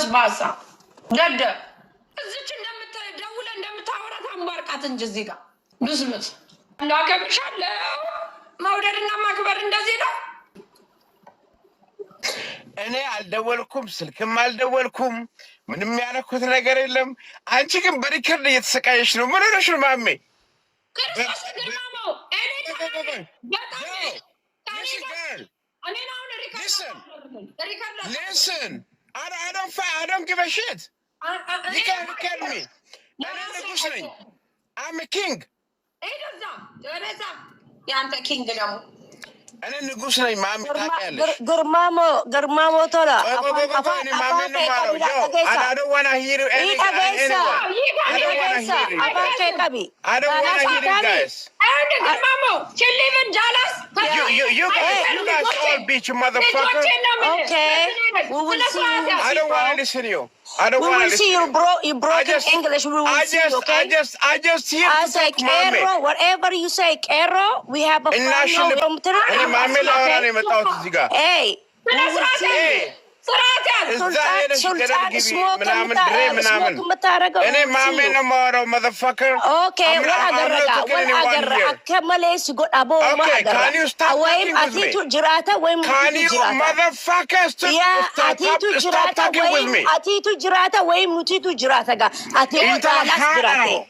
በስባሳ ደደ እዚች እንደምትደውለ እንደምታወራት ታንባርቃት እንጂ እዚህ ጋር ብስምስ እንዳከብሻለው መውደድና ማክበር እንደዚህ ነው። እኔ አልደወልኩም፣ ስልክም አልደወልኩም፣ ምንም ያደረኩት ነገር የለም። አንቺ ግን በሪከርድ እየተሰቃየች ነው። ምን ሆነሽ ነው ማሜ? ክርስቶስ I don't, I don't fight. I don't give a shit. I, I, you can't kill me. أنا مسلم. I'm a king. إيه نظام؟ نظام. يا أنت king اليوم. እኔ ንጉስ ነኝ ማሚ ታውቂያለሽ። ግርማሞ ግርማሞ ቶላ አባቴ ቀቢ You, you, you, guys, you guys all beat you, motherfucker. Okay. We will see you. I don't want to listen to you. I don't we want to listen. We will see you, bro. You broke just, English. We will I see you, okay? I just, I just hear I say, Kero, whatever you say, Kero, we have a problem. Hey. We will see. Hey. atiitu jiraata wayim nutiitu jiraata gaa ati odaalaas jiraate.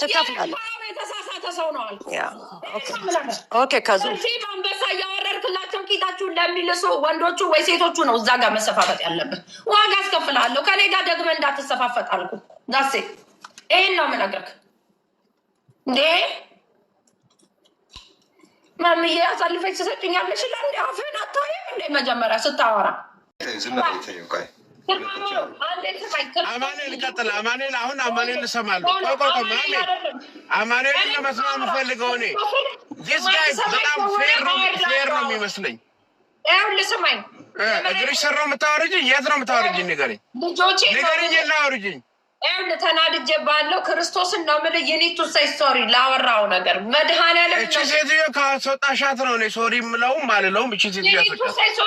ተካፍላለሁ። የተሳሳተ ሰው ነው አልኩ። ከዙ አንበሳ እያወረድክላቸው ቂጣችሁን ለሚልሱ ወንዶቹ ወይ ሴቶቹ ነው እዛ ጋር መሰፋፈጥ ያለብን። ዋጋ አስከፍልሃለሁ። ከኔ ጋር ደግመህ እንዳትሰፋፈጥ አልኩ። ዳሴ ይህን ነው የምነግርህ እንዴ ማምዬ አሳልፈች ትሰጭኛለሽ። ለእንዲ አፌን አታይም እንዴ መጀመሪያ ስታወራ አማኑኤል ቀጥል። አማኑኤል አሁን አማኑኤል እሰማለሁ። ቆይ ቆይ ቆይ ማሜ አማኑኤል የምፈልገው እኔ ዚስ ጋይ በጣም ፌር ነው ፌር ነው የሚመስለኝ። ስማኝ፣ እግርሽ ስር ነው የምታወርጅኝ? የት ነው የምታወርጅኝ? ንገረኝ፣ ንገረኝ፣ የላወርጅኝ ኤን ተናድጄ ባለው ክርስቶስን ነው የምልህ። የኔቱ ሰይ ሶሪ ላወራው ነገር መድኃኔዓለም እቺ ሴትዮ ካስወጣሻት ነው እኔ ሶሪ የምለውም አልለውም። እቺ ሴትዮ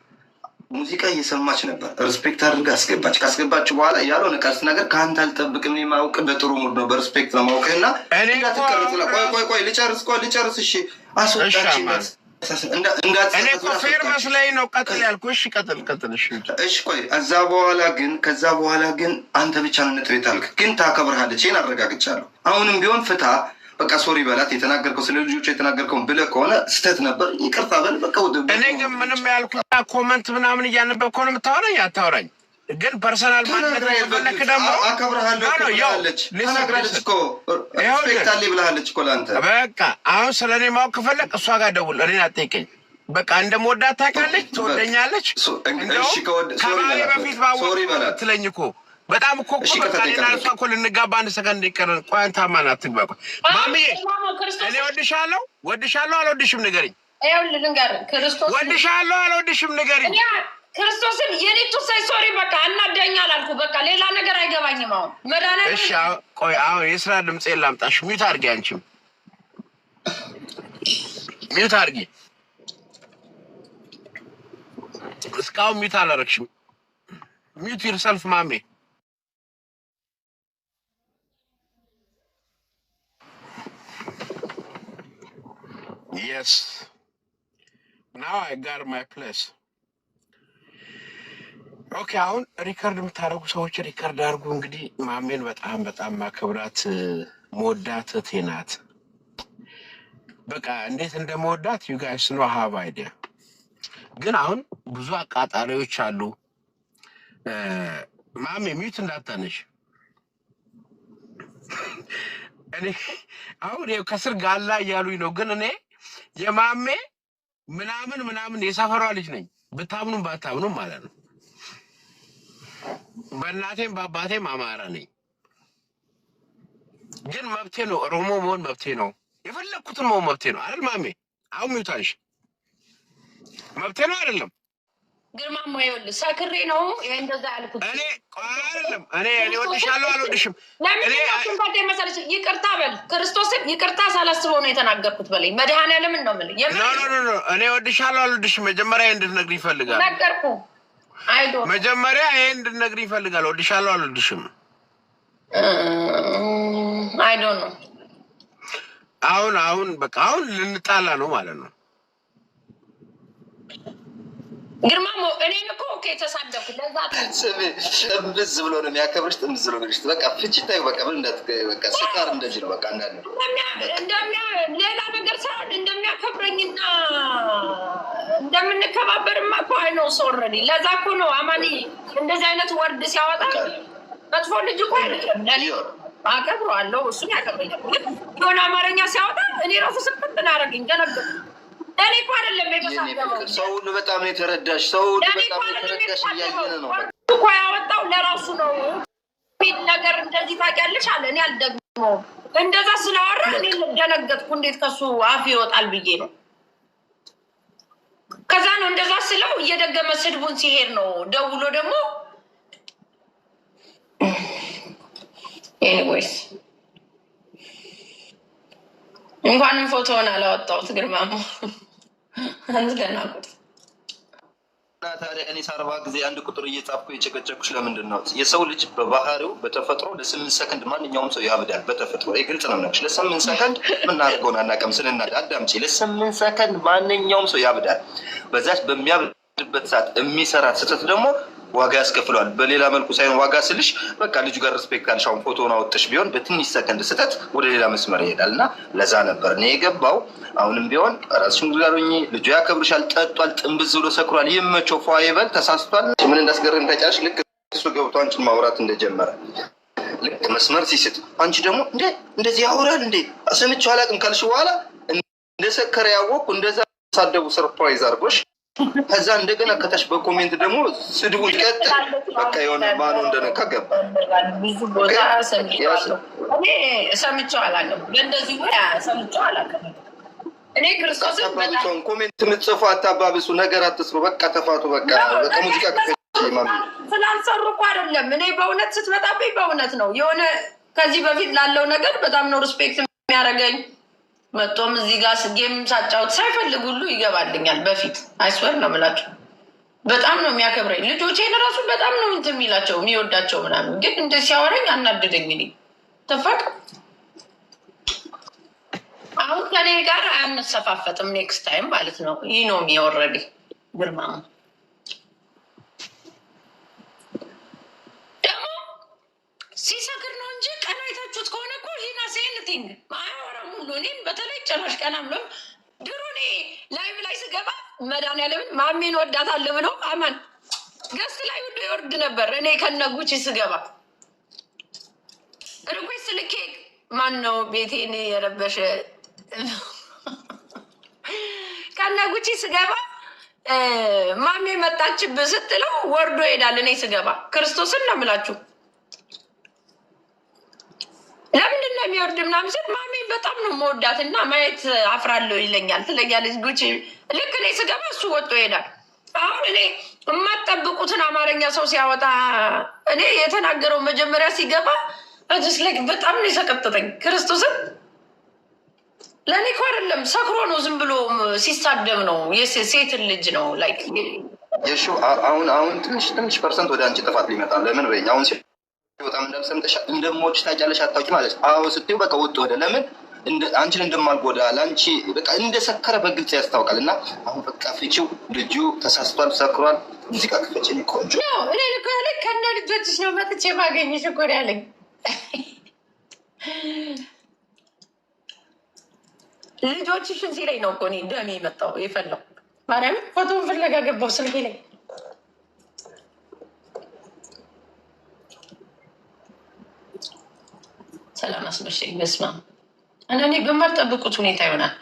ሙዚቃ እየሰማች ነበር። ሪስፔክት አድርጋ አስገባች። ካስገባች በኋላ ያልሆነ ቀስ ነገር ከአንተ አልጠብቅም። ማውቅ በጥሩ ሙድ ነው፣ በሪስፔክት ነው ማውቅ እና ቆይ ቆይ ቆይ ልጨርስ፣ ቆይ ልጨርስ። እሺ ቆይ እዛ በኋላ ግን ከዛ በኋላ ግን አንተ ብቻ ነው ነጥብ የጣልክ፣ ግን ታከብርሃለች። ይህን አረጋግጫለሁ። አሁንም ቢሆን ፍታ በቃ ሶሪ በላት የተናገርከው ስለ ልጆች የተናገርከውን ብለህ ከሆነ ስህተት ነበር ይቅርታ በል በቃ። ወደ እኔ ግን ምንም ያልኩት ኮመንት ምናምን እያነበብክ ከሆነ የምታወራኝ አታወራኝ፣ ግን ፐርሰናል ማንነት ደግሞ አከብርሃለሁ ለአንተ በቃ አሁን ስለ እኔ ማወቅ ከፈለግ እሷ ጋር ደውል፣ እኔን አጠይቀኝ። በቃ እንደምወዳት ታውቃለች፣ ትወደኛለች። እንደውም በፊት ባወቅ ትለኝ እኮ በጣም እኮ በቃ እኔና እሷ እኮ ልንጋባ አንድ ሰከንድ ይቀረን። ቆይ አንተ አማን አትግባ። ቆይ ማሚዬ እኔ ወድሻለሁ ወድሻለሁ አልወድሽም ንገሪኝ። ወድሻለሁ አልወድሽም ንገሪኝ። ክርስቶስን የኔቱ ሳይ ሶሪ በቃ አናዳኛ አላልኩ። በቃ ሌላ ነገር አይገባኝም። አሁን መዳና እሺ። ቆይ አሁን የስራ ድምፅ ላምጣሽ። ሚት አርጊ፣ አንቺም ሚት አርጊ። እስካሁን ሚት አላረግሽም። ሚት ይርሰልፍ ማሜ Yes. Now I got my place. ኦኬ አሁን ሪከርድ የምታደርጉ ሰዎች ሪከርድ አድርጉ። እንግዲህ ማሜን በጣም በጣም ማከብራት መወዳት እህቴ ናት። በቃ እንዴት እንደመወዳት ዩጋይስ ኖ ሀብ አይዲያ። ግን አሁን ብዙ አቃጣሪዎች አሉ። ማሜ ሚዩት እንዳታነሽ። እኔ አሁን ከስር ጋላ እያሉኝ ነው፣ ግን እኔ የማሜ ምናምን ምናምን የሰፈሯ ልጅ ነኝ ብታምኑም ባታምኑም ማለት ነው። በእናቴም በአባቴም አማራ ነኝ። ግን መብቴ ነው። ኦሮሞ መሆን መብቴ ነው። የፈለግኩትን መሆን መብቴ ነው አይደል ማሜ? አሁን ሚውታንሽ መብቴ ነው አይደለም? ግርማማ ይኸውልህ፣ ሰክሬ ነው እንደዛ ያልኩት። እኔ አይደለም እኔ እኔ ወድሻለሁ አልወድሽም። ለምንድን ጓዳይ መሰለሽ? ይቅርታ በል ክርስቶስን፣ ይቅርታ ሳላስበው ነው የተናገርኩት በለኝ። መድኃኒዓለምን ነው የምልህ። እኔ ወድሻለሁ አልወድሽም፣ መጀመሪያ ይሄን እንድትነግሪኝ ይፈልጋል። መጀመሪያ ይሄን እንድትነግሪኝ ይፈልጋል። ወድሻለሁ አልወድሽም። አይ ዶንት ኖ። አሁን አሁን በቃ አሁን ልንጣላ ነው ማለት ነው ግርማሞ እኔ እኮ ኦኬ የተሳደኩ ለዛ ብሎ ነው የሚያከብርሽ፣ ጥምዝ ብሎ ነው በቃ ፍቺ ታዩ። በቃ ምን በቃ ስካር እንደዚህ ነው። በቃ እንዳለ ሌላ ነገር ሳይሆን እንደሚያከብረኝና እንደምንከባበርማ እኮ አይነው ሰወረድ። ለዛ እኮ ነው አማኒ እንደዚህ አይነት ወርድ ሲያወጣ መጥፎ ልጅ እኮ አይደለም። ለኔ አከብረዋለሁ፣ እሱም ያከብረኛል። ግን የሆነ አማርኛ ሲያወጣ እኔ ራሱ ስፍት ናረግኝ ያደረገኝ እኔ እኮ አይደለም የተሳደበው ሰውን በጣም የተረዳሽ። ሰውን ነው እኮ ያወጣው ለራሱ ነው። ነገር እንደዚህ ታውቂያለሽ አለ። እኔ አልደግመውም። እንደዛ ስላወራ እኔ ደነገጥኩ። እንዴት ከሱ አፍ ይወጣል ብዬ ነው። ከዛ ነው እንደዛ ስለው እየደገመ ስድቡን ሲሄድ ነው ደውሎ ደግሞ ኤኒዌይስ እንኳንም ፎቶውን አላወጣሁት ግርማ አንዝለናቁት እና ታዲያ እኔ ሳርባ ጊዜ አንድ ቁጥር እየጻፍኩ የጨቀጨኩሽ ለምንድን ነው? የሰው ልጅ በባህሪው በተፈጥሮ ለስምንት ሰከንድ ማንኛውም ሰው ያብዳል። በተፈጥሮ ግልጽ ነው ነች። ለስምንት ሰከንድ ምናደርገውን አናውቅም። ስንና አዳምጪ፣ ለስምንት ሰከንድ ማንኛውም ሰው ያብዳል። በዛች በሚያብድበት ሰዓት የሚሰራት ስህተት ደግሞ ዋጋ ያስከፍለዋል። በሌላ መልኩ ሳይሆን ዋጋ ስልሽ በቃ ልጁ ጋር ሪስፔክት አልሽ። አሁን ፎቶውን አወጥሽ ቢሆን በትንሽ ሰከንድ ስህተት ወደ ሌላ መስመር ይሄዳል እና ለዛ ነበር እኔ የገባው። አሁንም ቢሆን ራስሽን ጋር ሆኜ ልጁ ያከብርሻል። ጠጧል፣ ጥንብዝ ብሎ ሰክሯል፣ ይመቸው፣ ፏ ይበል። ተሳስቷል። ምን እንዳስገርም ታጫሽ። ልክ እሱ ገብቶ አንቺን ማውራት እንደጀመረ ልክ መስመር ሲስት አንቺ ደግሞ እንዴ እንደዚህ ያውራል እንዴ ሰምቼው አላውቅም ካልሽ በኋላ እንደሰከረ ያወቅኩ እንደዛ ሳደቡ ሰርፕራይዝ አድርጎሽ ከዛ እንደገና ከታች በኮሜንት ደግሞ ስድቡን ቀጥ በቃ የሆነ ማኖ እንደነካ ገባ። ብዙ ቦታ ሰምቼዋለሁ እኔ በእንደዚህ ሰምቼው አላውቅም። እኔ ክርስቶስን ኮሜንት የምትጽፉ አታባብሱ፣ ነገር አትስሩ። በቃ ተፋቱ። በቃ ከሙዚቃ ስላልሰሩ እኮ አይደለም። እኔ በእውነት ስትመጣብኝ በእውነት ነው የሆነ ከዚህ በፊት ላለው ነገር በጣም ነው ሪስፔክት የሚያደርገኝ መጥቶም እዚህ ጋር ጌም ሳጫወት ሳይፈልግ ሁሉ ይገባልኛል። በፊት አይስወር ነው ምላቸው በጣም ነው የሚያከብረኝ። ልጆቼን ራሱ በጣም ነው እንትን የሚላቸው የሚወዳቸው ምናምን፣ ግን እንደ ሲያወረኝ አናደደኝ። እኔ ተፋቅ አሁን ከኔ ጋር አያነሰፋፈጥም። ኔክስት ታይም ማለት ነው። ይህ ነው የሚወረድ ግርማ ደግሞ ሲሰክር ነው እንጂ ቀን አይታችሁት ከሆነ እኮ ሰውና ሴንቲንግ አያወራም ሁሉ እኔም በተለይ ጭራሽ ቀና ብሎ ድሮ እኔ ላይቭ ላይ ስገባ መድኃኒዓለምን ማሜን ወዳታለሁ ብሎ አማን ገስት ላይ ሁሉ ይወርድ ነበር። እኔ ከነጉች ስገባ ሪኩዌስት ልኬ ማን ነው ቤቴን የረበሸ ከነጉች ስገባ ማሜ መጣችብ ስትለው ወርዶ ይሄዳል። እኔ ስገባ ክርስቶስን ነው የምላችሁ ስለሚወርድ ምናምን ስል ማሜ በጣም ነው መወዳት እና ማየት አፍራለሁ ይለኛል ትለኛለች። ጉቺ ልክ እኔ ስገባ እሱ ወጦ ይሄዳል። አሁን እኔ የማጠብቁትን አማርኛ ሰው ሲያወጣ እኔ የተናገረው መጀመሪያ ሲገባ ስለ በጣም ነው የሰቀጥጠኝ። ክርስቶስን ለእኔ እኮ አይደለም ሰክሮ ነው ዝም ብሎ ሲሳደብ ነው። ሴትን ልጅ ነው ላይ አሁን አሁን ትንሽ ትንሽ ፐርሰንት ወደ አንቺ ጥፋት ሊመጣ ለምን በይኝ አሁን ሲል በጣም እንደምሰምጠሻል እንደሞች ታጫለሽ አታውቂ ማለት ነው። አዎ ስትዩ በቃ ወጥ ወደ ለምን አንቺን እንደማልጎዳ ለአንቺ በቃ እንደሰከረ በግልጽ ያስታውቃል። እና አሁን በቃ ፍቺው ልጁ ተሳስቷል፣ ሰክሯል። ሙዚቃ ክፈችን ቆንጆ እኔ ልኮ ያለ ከነ ልጆችሽ ነው መጥቼ ማገኘሽ እኮ ነው ያለኝ። ልጆችሽ እዚህ ላይ ነው እኮ እኔ ደሜ የመጣው የፈለው ማርያም ፎቶን ፍለጋ ገባው ስልኬ ላይ ሰላም ይመስማ እና እኔ በማልጠብቁት ሁኔታ ይሆናል።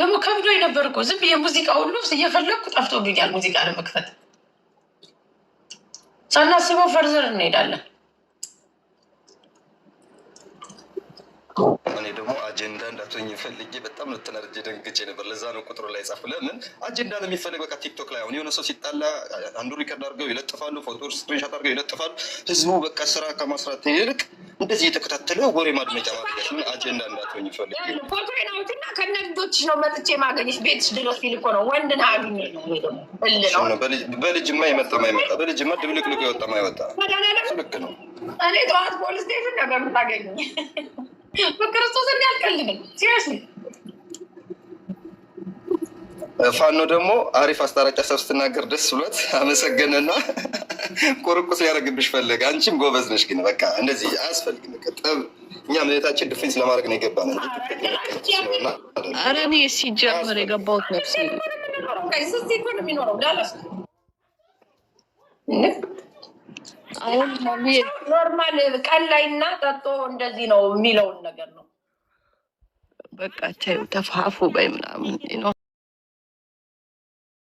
ደግሞ ከብዶ የነበር እኮ ዝም ብዬ ሙዚቃ ሁሉ እየፈለግኩ ጠፍቶብኛል። ሙዚቃ ለመክፈት ሳናስበው ፈርዘር እንሄዳለን። እኔ ደግሞ አጀንዳ እንዳትሆኝ ፈልጌ በጣም ልትነርጅ ተናድጄ ደንግጬ ነበር። ለዛ ነው ቁጥሩ ላይ ጻፍ። ለምን አጀንዳ ነው የሚፈለግ? በቃ ቲክቶክ ላይ አሁን የሆነ ሰው ሲጣላ አንዱ ሪከርድ አድርገው ይለጥፋሉ፣ ፎቶ ስክሪንሻት አድርገው ይለጥፋሉ። ህዝቡ በቃ ስራ ከማስራት ይልቅ እንደዚህ የተከታተለ ወሬ ማድመጫ ማድረግ አጀንዳ እንዳትሆኝ ይፈልግ ፎቶዬን አውጪና ከነ ልጆች ነው መጥቼ ማገኘት ቤት ድረስ ይልኮ ነው ወንድ ና አግኝ በልጅማ የመጣ ማይመጣ በልጅማ ድብልቅልቅ የወጣ ማይወጣ ልክ ነው። እኔ ጠዋት ፖሊስ ስቴሽን ነበር የምታገኝ በክርስቶስ እንዲያልቀልብን ሲሪስ ፋኖ ደግሞ አሪፍ አስታራቂ ሰብ ስትናገር ደስ ብሎት አመሰገነና ቁርቁስ ሊያደርግብሽ ፈለገ። አንቺም ጎበዝ ነሽ፣ ግን በቃ እንደዚህ አያስፈልግም። ጠብ እኛ ምኔታችን ድፌንስ ለማድረግ ነው የገባ ነው። ኧረ እኔ ሲጀምር የገባሁት ነፍስ ኖርማል ቀን ላይ እና ጠጦ እንደዚህ ነው የሚለውን ነገር ነው። በቃ ተፋፉ በይ ምናምን